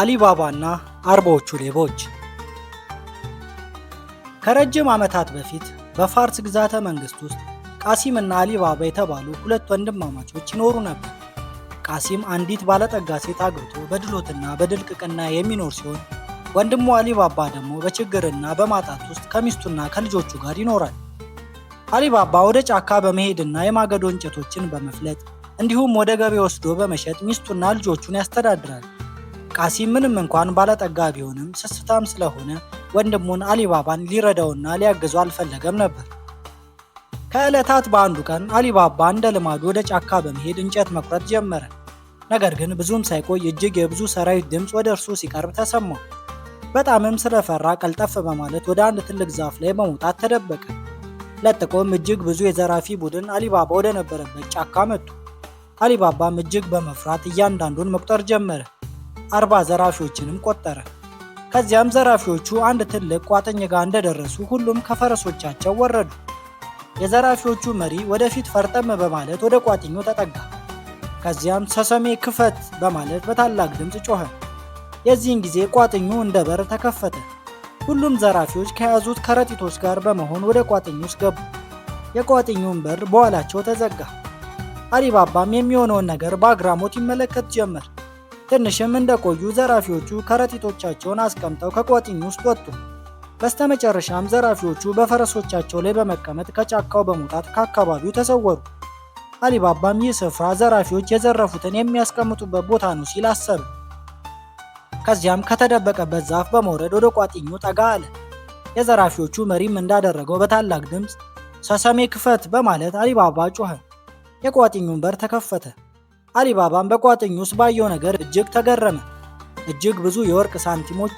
አሊባባና አርባዎቹ ሌቦች ከረጅም ዓመታት በፊት በፋርስ ግዛተ መንግሥት ውስጥ ቃሲምና አሊባባ የተባሉ ሁለት ወንድማማቾች ይኖሩ ነበር። ቃሲም አንዲት ባለጠጋ ሴት አግብቶ በድሎትና በድልቅቅና የሚኖር ሲሆን ወንድሙ አሊባባ ደግሞ በችግርና በማጣት ውስጥ ከሚስቱና ከልጆቹ ጋር ይኖራል። አሊባባ ወደ ጫካ በመሄድና የማገዶ እንጨቶችን በመፍለጥ እንዲሁም ወደ ገበያ ወስዶ በመሸጥ ሚስቱና ልጆቹን ያስተዳድራል። ቃሲም ምንም እንኳን ባለጠጋ ቢሆንም ስስታም ስለሆነ ወንድሙን አሊባባን ሊረዳውና ሊያግዙ አልፈለገም ነበር። ከዕለታት በአንዱ ቀን አሊባባ እንደ ልማዱ ወደ ጫካ በመሄድ እንጨት መቁረጥ ጀመረ። ነገር ግን ብዙም ሳይቆይ እጅግ የብዙ ሰራዊት ድምፅ ወደ እርሱ ሲቀርብ ተሰማው። በጣምም ስለፈራ ቀልጠፍ በማለት ወደ አንድ ትልቅ ዛፍ ላይ በመውጣት ተደበቀ። ለጥቆም እጅግ ብዙ የዘራፊ ቡድን አሊባባ ወደ ነበረበት ጫካ መጡ። አሊባባም እጅግ በመፍራት እያንዳንዱን መቁጠር ጀመረ። አርባ ዘራፊዎችንም ቆጠረ። ከዚያም ዘራፊዎቹ አንድ ትልቅ ቋጥኝ ጋር እንደደረሱ ሁሉም ከፈረሶቻቸው ወረዱ። የዘራፊዎቹ መሪ ወደፊት ፈርጠም በማለት ወደ ቋጥኙ ተጠጋ። ከዚያም ሰሰሜ ክፈት በማለት በታላቅ ድምፅ ጮኸ። የዚህን ጊዜ ቋጥኙ እንደ በር ተከፈተ። ሁሉም ዘራፊዎች ከያዙት ከረጢቶች ጋር በመሆን ወደ ቋጥኙ ውስጥ ገቡ። የቋጥኙን በር በኋላቸው ተዘጋ። አሊባባም የሚሆነውን ነገር በአግራሞት ይመለከት ጀመር። ትንሽም እንደቆዩ ዘራፊዎቹ ከረጢቶቻቸውን አስቀምጠው ከቋጥኝ ውስጥ ወጡ። በስተመጨረሻም ዘራፊዎቹ በፈረሶቻቸው ላይ በመቀመጥ ከጫካው በመውጣት ከአካባቢው ተሰወሩ። አሊባባም ይህ ስፍራ ዘራፊዎች የዘረፉትን የሚያስቀምጡበት ቦታ ነው ሲል አሰበ። ከዚያም ከተደበቀበት ዛፍ በመውረድ ወደ ቋጥኙ ጠጋ አለ። የዘራፊዎቹ መሪም እንዳደረገው በታላቅ ድምፅ ሰሰሜ ክፈት በማለት አሊባባ ጮኸ። የቋጥኙን በር ተከፈተ። አሊባባም በቋጥኝ ውስጥ ባየው ነገር እጅግ ተገረመ። እጅግ ብዙ የወርቅ ሳንቲሞች፣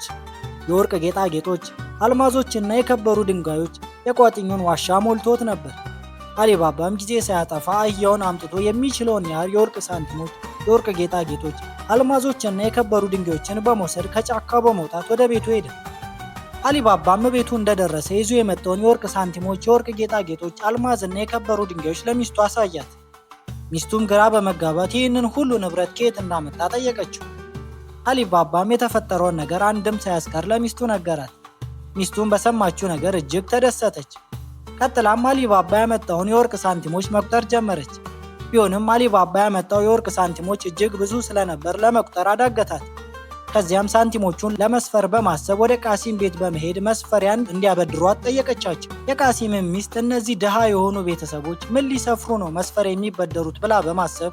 የወርቅ ጌጣጌጦች፣ አልማዞችና የከበሩ ድንጋዮች የቋጥኙን ዋሻ ሞልቶት ነበር። አሊባባም ጊዜ ሳያጠፋ አህያውን አምጥቶ የሚችለውን ያህል የወርቅ ሳንቲሞች፣ የወርቅ ጌጣጌጦች፣ አልማዞችና የከበሩ ድንጋዮችን በመውሰድ ከጫካ በመውጣት ወደ ቤቱ ሄደ። አሊባባም ቤቱ እንደደረሰ ይዞ የመጣውን የወርቅ ሳንቲሞች፣ የወርቅ ጌጣጌጦች፣ አልማዝና የከበሩ ድንጋዮች ለሚስቱ አሳያት። ሚስቱም ግራ በመጋባት ይህንን ሁሉ ንብረት ከየት እንዳመጣ ጠየቀችው። አሊባባም የተፈጠረውን ነገር አንድም ሳያስቀር ለሚስቱ ነገራት። ሚስቱም በሰማችው ነገር እጅግ ተደሰተች። ቀጥላም አሊባባ ያመጣውን የወርቅ ሳንቲሞች መቁጠር ጀመረች። ቢሆንም አሊባባ ያመጣው የወርቅ ሳንቲሞች እጅግ ብዙ ስለነበር ለመቁጠር አዳገታት። ከዚያም ሳንቲሞቹን ለመስፈር በማሰብ ወደ ቃሲም ቤት በመሄድ መስፈሪያን እንዲያበድሯት ጠየቀቻቸው። የቃሲምም ሚስት እነዚህ ድሃ የሆኑ ቤተሰቦች ምን ሊሰፍሩ ነው መስፈር የሚበደሩት ብላ በማሰብ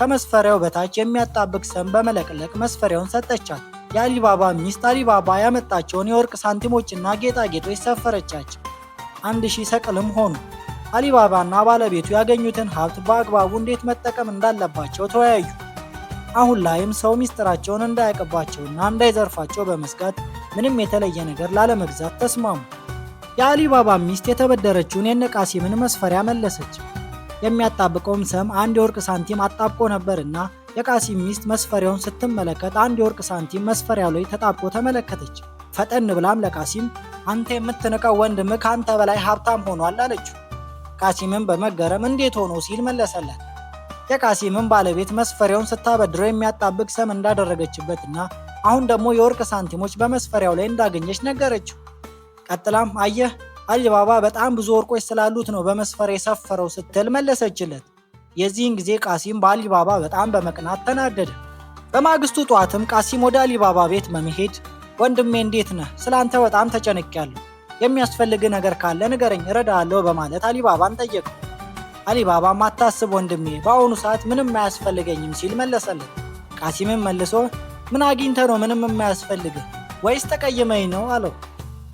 ከመስፈሪያው በታች የሚያጣብቅ ሰም በመለቅለቅ መስፈሪያውን ሰጠቻት። የአሊባባ ሚስት አሊባባ ያመጣቸውን የወርቅ ሳንቲሞችና ጌጣጌጦች ሰፈረቻቸው። አንድ ሺህ ሰቅልም ሆኑ። አሊባባና ባለቤቱ ያገኙትን ሀብት በአግባቡ እንዴት መጠቀም እንዳለባቸው ተወያዩ። አሁን ላይም ሰው ሚስጥራቸውን እንዳያቀባቸውና እንዳይዘርፋቸው በመስጋት ምንም የተለየ ነገር ላለመግዛት ተስማሙ። የአሊባባ ሚስት የተበደረችውን የነቃሲምን መስፈሪያ መለሰች። የሚያጣብቀውም ሰም አንድ የወርቅ ሳንቲም አጣብቆ ነበርና የቃሲም ሚስት መስፈሪያውን ስትመለከት አንድ የወርቅ ሳንቲም መስፈሪያ ላይ ተጣብቆ ተመለከተች። ፈጠን ብላም ለቃሲም አንተ የምትንቀው ወንድምህ ከአንተ በላይ ሀብታም ሆኗል አለችው። ቃሲምም በመገረም እንዴት ሆኖ ሲል መለሰላት። የቃሲምን ባለቤት መስፈሪያውን ስታበድረው የሚያጣብቅ ሰም እንዳደረገችበትና አሁን ደግሞ የወርቅ ሳንቲሞች በመስፈሪያው ላይ እንዳገኘች ነገረችው። ቀጥላም አየህ አሊባባ በጣም ብዙ ወርቆች ስላሉት ነው በመስፈሪያ የሰፈረው ስትል መለሰችለት። የዚህን ጊዜ ቃሲም በአሊባባ በጣም በመቅናት ተናደደ። በማግስቱ ጠዋትም ቃሲም ወደ አሊባባ ቤት በመሄድ ወንድሜ እንዴት ነህ? ስላንተ በጣም ተጨንቄያለሁ። የሚያስፈልግ ነገር ካለ ንገረኝ፣ እረዳሃለሁ በማለት አሊባባን ጠየቀው። አሊባባ ማታስብ ወንድሜ፣ በአሁኑ ሰዓት ምንም አያስፈልገኝም ሲል መለሰለት። ቃሲምም መልሶ ምን አግኝተ ነው ምንም የማያስፈልግ ወይስ ተቀየመኝ ነው አለው።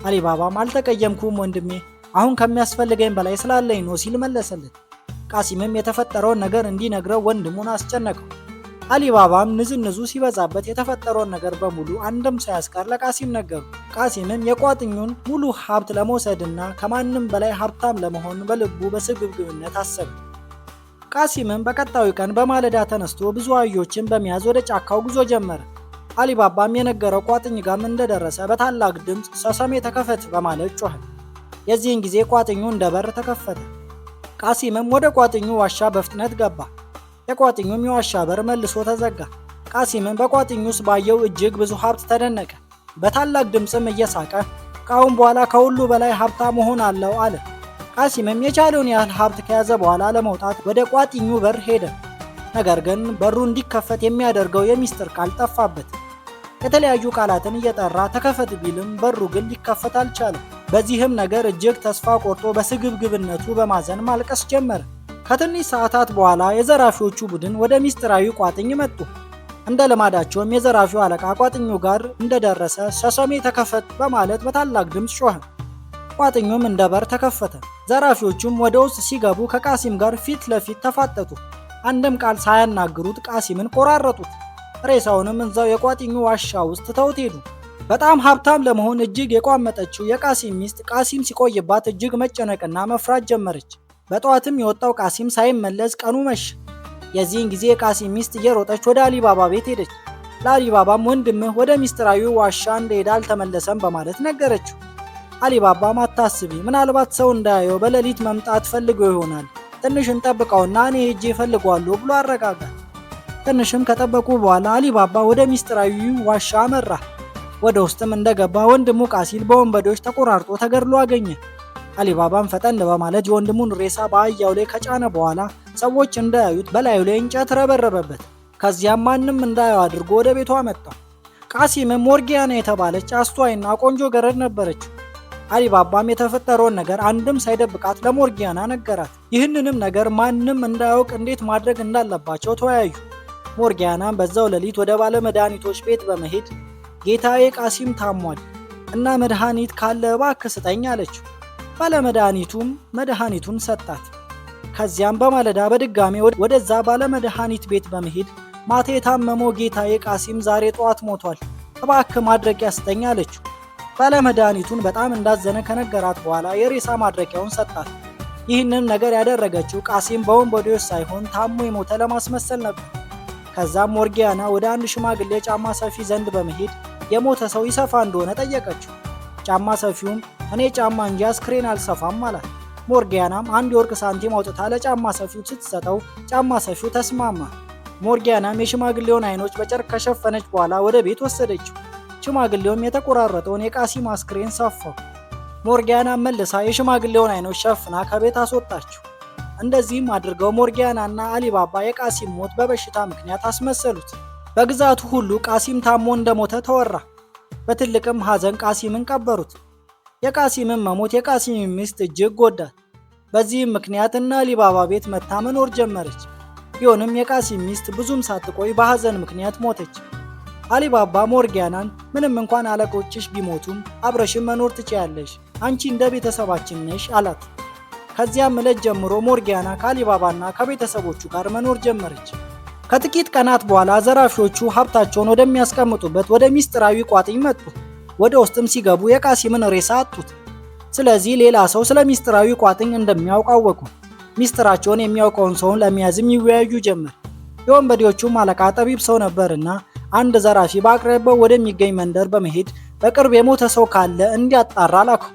አሊባባም አልተቀየምኩም ወንድሜ፣ አሁን ከሚያስፈልገኝ በላይ ስላለኝ ነው ሲል መለሰለት። ቃሲምም የተፈጠረውን ነገር እንዲነግረው ወንድሙን አስጨነቀው። አሊባባም ንዝንዙ ሲበዛበት የተፈጠረውን ነገር በሙሉ አንድም ሳያስቀር ለቃሲም ነገሩ። ቃሲምም የቋጥኙን ሙሉ ሀብት ለመውሰድና ከማንም በላይ ሀብታም ለመሆን በልቡ በስግብግብነት አሰበ። ቃሲምም በቀጣዩ ቀን በማለዳ ተነስቶ ብዙ አህዮችን በመያዝ ወደ ጫካው ጉዞ ጀመረ። አሊባባም የነገረው ቋጥኝ ጋም እንደደረሰ በታላቅ ድምፅ ሰሰሜ ተከፈት በማለት ጮኸ። የዚህን ጊዜ ቋጥኙ እንደ በር ተከፈተ። ቃሲምም ወደ ቋጥኙ ዋሻ በፍጥነት ገባ። የቋጥኙም የዋሻ በር መልሶ ተዘጋ። ቃሲምም በቋጥኙ ውስጥ ባየው እጅግ ብዙ ሀብት ተደነቀ። በታላቅ ድምፅም እየሳቀ ከአሁን በኋላ ከሁሉ በላይ ሀብታም መሆን አለው አለ። ቃሲምም የቻለውን ያህል ሀብት ከያዘ በኋላ ለመውጣት ወደ ቋጥኙ በር ሄደ። ነገር ግን በሩ እንዲከፈት የሚያደርገው የሚስጥር ቃል ጠፋበት። የተለያዩ ቃላትን እየጠራ ተከፈት ቢልም በሩ ግን ሊከፈት አልቻለም። በዚህም ነገር እጅግ ተስፋ ቆርጦ በስግብግብነቱ በማዘን ማልቀስ ጀመረ። ከትንሽ ሰዓታት በኋላ የዘራፊዎቹ ቡድን ወደ ሚስጥራዊ ቋጥኝ መጡ። እንደ ልማዳቸውም የዘራፊው አለቃ ቋጥኙ ጋር እንደደረሰ ሰሰሜ ተከፈት በማለት በታላቅ ድምፅ ጮኸ። ቋጥኙም እንደ በር ተከፈተ። ዘራፊዎቹም ወደ ውስጥ ሲገቡ ከቃሲም ጋር ፊት ለፊት ተፋጠጡ። አንድም ቃል ሳያናግሩት ቃሲምን ቆራረጡት። ሬሳውንም እዛው የቋጥኙ ዋሻ ውስጥ ተውት ሄዱ። በጣም ሀብታም ለመሆን እጅግ የቋመጠችው የቃሲም ሚስት ቃሲም ሲቆይባት እጅግ መጨነቅና መፍራት ጀመረች። በጠዋትም የወጣው ቃሲም ሳይመለስ ቀኑ መሸ። የዚህን ጊዜ የቃሲም ሚስት እየሮጠች ወደ አሊባባ ቤት ሄደች። ለአሊባባም ወንድምህ ወደ ሚስጥራዊ ዋሻ እንደሄደ አልተመለሰም በማለት ነገረችው። አሊባባም አታስቢ፣ ምናልባት ሰው እንዳያየው በሌሊት መምጣት ፈልጎ ይሆናል ትንሽ እንጠብቀውና እኔ ሄጄ እፈልገዋለሁ ብሎ አረጋጋል። ትንሽም ከጠበቁ በኋላ አሊባባ ወደ ሚስጥራዊ ዋሻ አመራ። ወደ ውስጥም እንደገባ ወንድሙ ቃሲል በወንበዴዎች ተቆራርጦ ተገድሎ አገኘ። አሊባባም ፈጠን በማለት የወንድሙን ሬሳ በአህያው ላይ ከጫነ በኋላ ሰዎች እንዳያዩት በላዩ ላይ እንጨት ረበረበበት። ከዚያም ማንም እንዳየው አድርጎ ወደ ቤቱ አመጣው። ቃሲምም ሞርጊያና የተባለች አስተዋይና ቆንጆ ገረድ ነበረችው። አሊባባም የተፈጠረውን ነገር አንድም ሳይደብቃት ለሞርጊያና ነገራት። ይህንንም ነገር ማንም እንዳያውቅ እንዴት ማድረግ እንዳለባቸው ተወያዩ። ሞርጊያናም በዛው ሌሊት ወደ ባለ መድኃኒቶች ቤት በመሄድ ጌታዬ ቃሲም ታሟል እና መድኃኒት ካለ እባክህ ስጠኝ አለችው። ባለመድኃኒቱም መድኃኒቱን ሰጣት። ከዚያም በማለዳ በድጋሜ ወደዛ ባለመድኃኒት ቤት በመሄድ ማታ የታመመው ጌታዬ ቃሲም ዛሬ ጠዋት ሞቷል፣ እባክህ ማድረቅ ያስጠኝ አለችው። ባለመድኃኒቱን በጣም እንዳዘነ ከነገራት በኋላ የሬሳ ማድረቂያውን ሰጣት። ይህንን ነገር ያደረገችው ቃሲም በወንበዴዎች ሳይሆን ታሞ የሞተ ለማስመሰል ነበር። ከዛም ሞርጊያና ወደ አንድ ሽማግሌ ጫማ ሰፊ ዘንድ በመሄድ የሞተ ሰው ይሰፋ እንደሆነ ጠየቀችው። ጫማ ሰፊውም እኔ ጫማ እንጂ አስክሬን አልሰፋም አላት። ሞርጊያናም አንድ የወርቅ ሳንቲም አውጥታ ለጫማ ሰፊው ስትሰጠው ጫማ ሰፊው ተስማማ። ሞርጊያናም የሽማግሌውን አይኖች በጨርቅ ከሸፈነች በኋላ ወደ ቤት ወሰደችው። ሽማግሌውም የተቆራረጠውን የቃሲም አስክሬን ሰፋው። ሞርጊያናም መልሳ የሽማግሌውን አይኖች ሸፍና ከቤት አስወጣችው። እንደዚህም አድርገው ሞርጊያናና አሊባባ የቃሲም ሞት በበሽታ ምክንያት አስመሰሉት። በግዛቱ ሁሉ ቃሲም ታሞ እንደሞተ ተወራ። በትልቅም ሐዘን ቃሲምን ቀበሩት። የቃሲምን መሞት የቃሲም ሚስት እጅግ ጎዳት። በዚህም ምክንያት እና ሊባባ ቤት መታ መኖር ጀመረች። ቢሆንም የቃሲም ሚስት ብዙም ሳትቆይ በሐዘን ምክንያት ሞተች። አሊባባ ሞርጊያናን ምንም እንኳን አለቆችሽ ቢሞቱም አብረሽን መኖር ትችያለሽ፣ አንቺ እንደ ቤተሰባችን ነሽ አላት። ከዚያም ዕለት ጀምሮ ሞርጊያና ከአሊባባና ከቤተሰቦቹ ጋር መኖር ጀመረች። ከጥቂት ቀናት በኋላ ዘራፊዎቹ ሀብታቸውን ወደሚያስቀምጡበት ወደ ሚስጥራዊ ቋጥኝ መጡ። ወደ ውስጥም ሲገቡ የቃሲምን ሬሳ አጡት። ስለዚህ ሌላ ሰው ስለ ሚስጥራዊ ቋጥኝ እንደሚያውቅ አወቁ። ሚስጥራቸውን የሚያውቀውን ሰውን ለመያዝም ይወያዩ ጀመር። የወንበዴዎቹም አለቃ ጠቢብ ሰው ነበርና አንድ ዘራፊ በአቅራቢያው ወደሚገኝ መንደር በመሄድ በቅርብ የሞተ ሰው ካለ እንዲያጣራ ላኩ።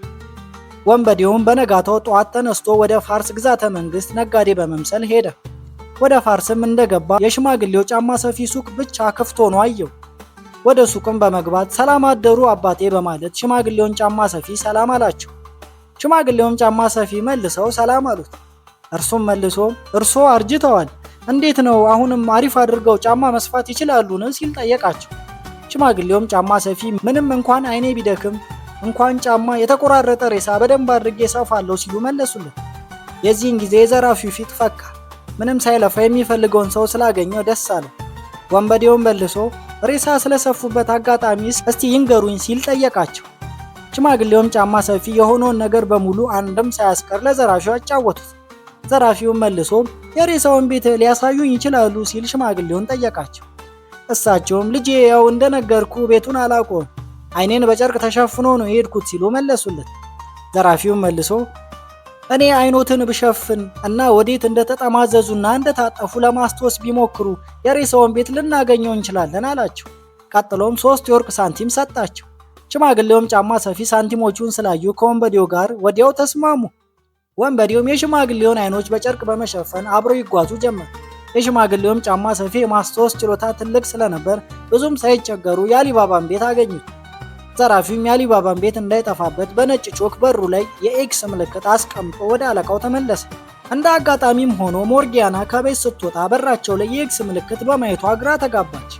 ወንበዴውም በነጋታው ጠዋት ተነስቶ ወደ ፋርስ ግዛተ መንግስት ነጋዴ በመምሰል ሄደ። ወደ ፋርስም እንደገባ የሽማግሌው ጫማ ሰፊ ሱቅ ብቻ ክፍት ሆኖ አየው። ወደ ሱቅም በመግባት ሰላም አደሩ አባቴ በማለት ሽማግሌውን ጫማ ሰፊ ሰላም አላቸው። ሽማግሌውም ጫማ ሰፊ መልሰው ሰላም አሉት። እርሱም መልሶ እርሶ አርጅተዋል፣ እንዴት ነው አሁንም አሪፍ አድርገው ጫማ መስፋት ይችላሉን? ሲል ጠየቃቸው። ሽማግሌውም ጫማ ሰፊ ምንም እንኳን አይኔ ቢደክም እንኳን ጫማ የተቆራረጠ ሬሳ በደንብ አድርጌ ሰፋለሁ ሲሉ መለሱለት። የዚህን ጊዜ የዘራፊው ፊት ፈካ። ምንም ሳይለፋ የሚፈልገውን ሰው ስላገኘው ደስ አለው። ወንበዴውን መልሶ ሬሳ ስለሰፉበት አጋጣሚስ እስቲ ይንገሩኝ ሲል ጠየቃቸው። ሽማግሌውም ጫማ ሰፊ የሆነውን ነገር በሙሉ አንድም ሳያስቀር ለዘራፊው አጫወቱት። ዘራፊውን መልሶ የሬሳውን ቤት ሊያሳዩኝ ይችላሉ ሲል ሽማግሌውን ጠየቃቸው። እሳቸውም ልጄ ያው እንደነገርኩ ቤቱን አላቆም አይኔን በጨርቅ ተሸፍኖ ነው የሄድኩት ሲሉ መለሱለት። ዘራፊውን መልሶ እኔ አይኖትን ብሸፍን እና ወዴት እንደተጠማዘዙና እንደታጠፉ ለማስታወስ ቢሞክሩ የሬሳውን ቤት ልናገኘው እንችላለን አላቸው። ቀጥሎም ሶስት የወርቅ ሳንቲም ሰጣቸው። ሽማግሌውም ጫማ ሰፊ ሳንቲሞቹን ስላዩ ከወንበዴው ጋር ወዲያው ተስማሙ። ወንበዴውም የሽማግሌውን አይኖች በጨርቅ በመሸፈን አብረው ይጓዙ ጀመር። የሽማግሌውም ጫማ ሰፊ የማስታወስ ችሎታ ትልቅ ስለነበር ብዙም ሳይቸገሩ የአሊባባን ቤት አገኙት። ዘራፊውም የአሊባባን ቤት እንዳይጠፋበት በነጭ ቾክ በሩ ላይ የኤክስ ምልክት አስቀምጦ ወደ አለቃው ተመለሰ። እንደ አጋጣሚም ሆኖ ሞርጊያና ከቤት ስትወጣ በራቸው ላይ የኤክስ ምልክት በማየቷ ግራ ተጋባች።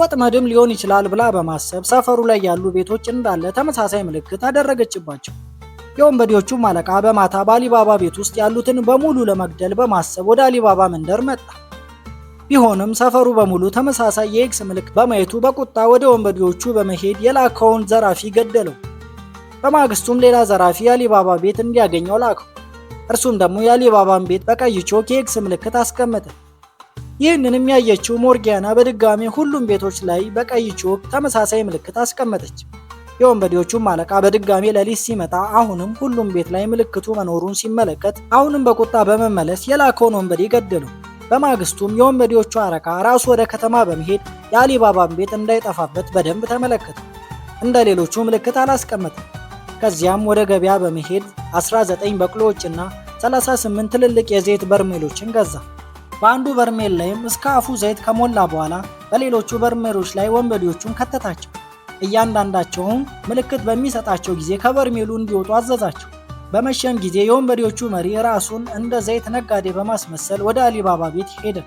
ወጥመድም ሊሆን ይችላል ብላ በማሰብ ሰፈሩ ላይ ያሉ ቤቶች እንዳለ ተመሳሳይ ምልክት አደረገችባቸው። የወንበዴዎቹም አለቃ በማታ በአሊባባ ቤት ውስጥ ያሉትን በሙሉ ለመግደል በማሰብ ወደ አሊባባ መንደር መጣ። ቢሆንም ሰፈሩ በሙሉ ተመሳሳይ የኤክስ ምልክት በማየቱ በቁጣ ወደ ወንበዴዎቹ በመሄድ የላከውን ዘራፊ ገደለው። በማግስቱም ሌላ ዘራፊ የአሊባባ ቤት እንዲያገኘው ላከው። እርሱም ደግሞ የአሊባባን ቤት በቀይ ቾክ የኤክስ ምልክት አስቀመጠ። ይህንንም ያየችው ሞርጊያና በድጋሚ ሁሉም ቤቶች ላይ በቀይ ቾክ ተመሳሳይ ምልክት አስቀመጠች። የወንበዴዎቹም አለቃ በድጋሚ ሌሊት ሲመጣ አሁንም ሁሉም ቤት ላይ ምልክቱ መኖሩን ሲመለከት አሁንም በቁጣ በመመለስ የላከውን ወንበዴ ገደለው። በማግስቱም የወንበዴዎቹ አረካ ራሱ ወደ ከተማ በመሄድ የአሊባባን ቤት እንዳይጠፋበት በደንብ ተመለከተ። እንደ ሌሎቹ ምልክት አላስቀመጠም። ከዚያም ወደ ገበያ በመሄድ 19 በቅሎዎችና 38 ትልልቅ የዘይት በርሜሎችን ገዛ። በአንዱ በርሜል ላይም እስከ አፉ ዘይት ከሞላ በኋላ በሌሎቹ በርሜሎች ላይ ወንበዴዎቹን ከተታቸው። እያንዳንዳቸውም ምልክት በሚሰጣቸው ጊዜ ከበርሜሉ እንዲወጡ አዘዛቸው። በመሸም ጊዜ የወንበዴዎቹ መሪ ራሱን እንደ ዘይት ነጋዴ በማስመሰል ወደ አሊባባ ቤት ሄደ።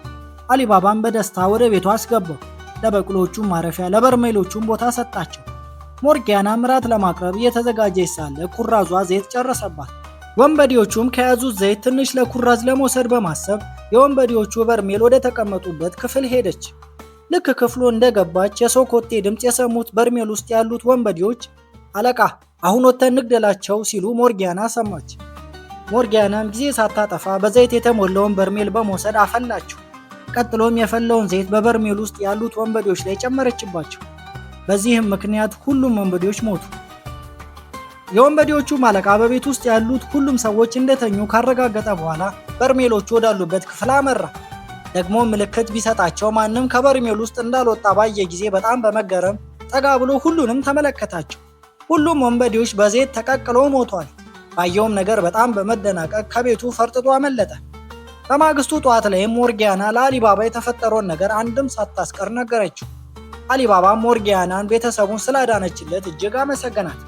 አሊባባም በደስታ ወደ ቤቱ አስገባው። ለበቅሎቹም ማረፊያ ለበርሜሎቹም ቦታ ሰጣቸው። ሞርጊያና ምራት ለማቅረብ እየተዘጋጀች ሳለ ኩራዟ ዘይት ጨረሰባት። ወንበዴዎቹም ከያዙት ዘይት ትንሽ ለኩራዝ ለመውሰድ በማሰብ የወንበዴዎቹ በርሜል ወደ ተቀመጡበት ክፍል ሄደች። ልክ ክፍሉ እንደገባች የሰው ኮቴ ድምፅ የሰሙት በርሜል ውስጥ ያሉት ወንበዴዎች አለቃ አሁን ወጥተን እንግደላቸው ሲሉ ሞርጊያና ሰማች። ሞርጊያናም ጊዜ ሳታጠፋ በዘይት የተሞላውን በርሜል በመውሰድ አፈላችው። ቀጥሎም የፈለውን ዘይት በበርሜል ውስጥ ያሉት ወንበዴዎች ላይ ጨመረችባቸው። በዚህም ምክንያት ሁሉም ወንበዴዎች ሞቱ። የወንበዴዎቹ አለቃ በቤት ውስጥ ያሉት ሁሉም ሰዎች እንደተኙ ካረጋገጠ በኋላ በርሜሎቹ ወዳሉበት ክፍል አመራ። ደግሞ ምልክት ቢሰጣቸው ማንም ከበርሜል ውስጥ እንዳልወጣ ባየ ጊዜ በጣም በመገረም ጠጋ ብሎ ሁሉንም ተመለከታቸው። ሁሉም ወንበዴዎች በዘይት ተቀቅሎ ሞቷል። ባየውም ነገር በጣም በመደናቀቅ ከቤቱ ፈርጥጦ አመለጠ። በማግስቱ ጠዋት ላይም ሞርጊያና ለአሊባባ የተፈጠረውን ነገር አንድም ሳታስቀር ነገረችው። አሊባባ ሞርጊያናን ቤተሰቡን ስላዳነችለት እጅግ አመሰገናት።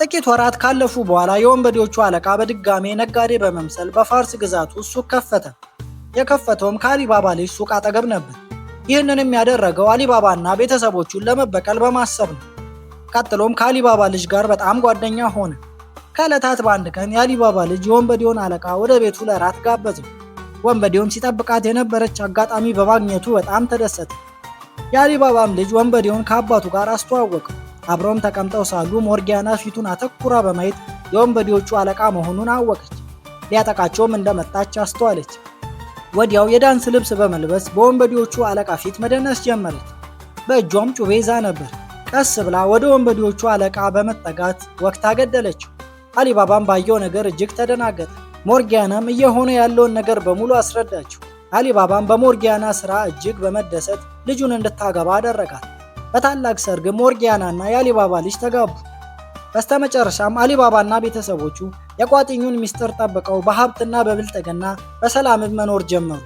ጥቂት ወራት ካለፉ በኋላ የወንበዴዎቹ አለቃ በድጋሜ ነጋዴ በመምሰል በፋርስ ግዛት ውስጥ ሱቅ ከፈተ። የከፈተውም ከአሊባባ ልጅ ሱቅ አጠገብ ነበር። ይህንንም ያደረገው አሊባባና ቤተሰቦቹን ለመበቀል በማሰብ ነው። ቀጥሎም ከአሊባባ ልጅ ጋር በጣም ጓደኛ ሆነ። ከዕለታት በአንድ ቀን የአሊባባ ልጅ የወንበዴውን አለቃ ወደ ቤቱ ለራት ጋበዘው። ወንበዴውም ሲጠብቃት የነበረች አጋጣሚ በማግኘቱ በጣም ተደሰተ። የአሊባባም ልጅ ወንበዴውን ከአባቱ ጋር አስተዋወቀው። አብረውም ተቀምጠው ሳሉ ሞርጊያና ፊቱን አተኩራ በማየት የወንበዴዎቹ አለቃ መሆኑን አወቀች። ሊያጠቃቸውም እንደመጣች አስተዋለች። ወዲያው የዳንስ ልብስ በመልበስ በወንበዴዎቹ አለቃ ፊት መደነስ ጀመረች። በእጇም ጩቤ ይዛ ነበር። ቀስ ብላ ወደ ወንበዴዎቹ አለቃ በመጠጋት ወቅታ ገደለችው። አሊባባም ባየው ነገር እጅግ ተደናገጠ። ሞርጊያናም እየሆነ ያለውን ነገር በሙሉ አስረዳችው። አሊባባም በሞርጊያና ሥራ እጅግ በመደሰት ልጁን እንድታገባ አደረጋት። በታላቅ ሰርግም ሞርጊያናና የአሊባባ ልጅ ተጋቡ። በስተመጨረሻም አሊባባና ቤተሰቦቹ የቋጥኙን ሚስጥር ጠብቀው በሀብትና በብልጥግና በሰላም መኖር ጀመሩ።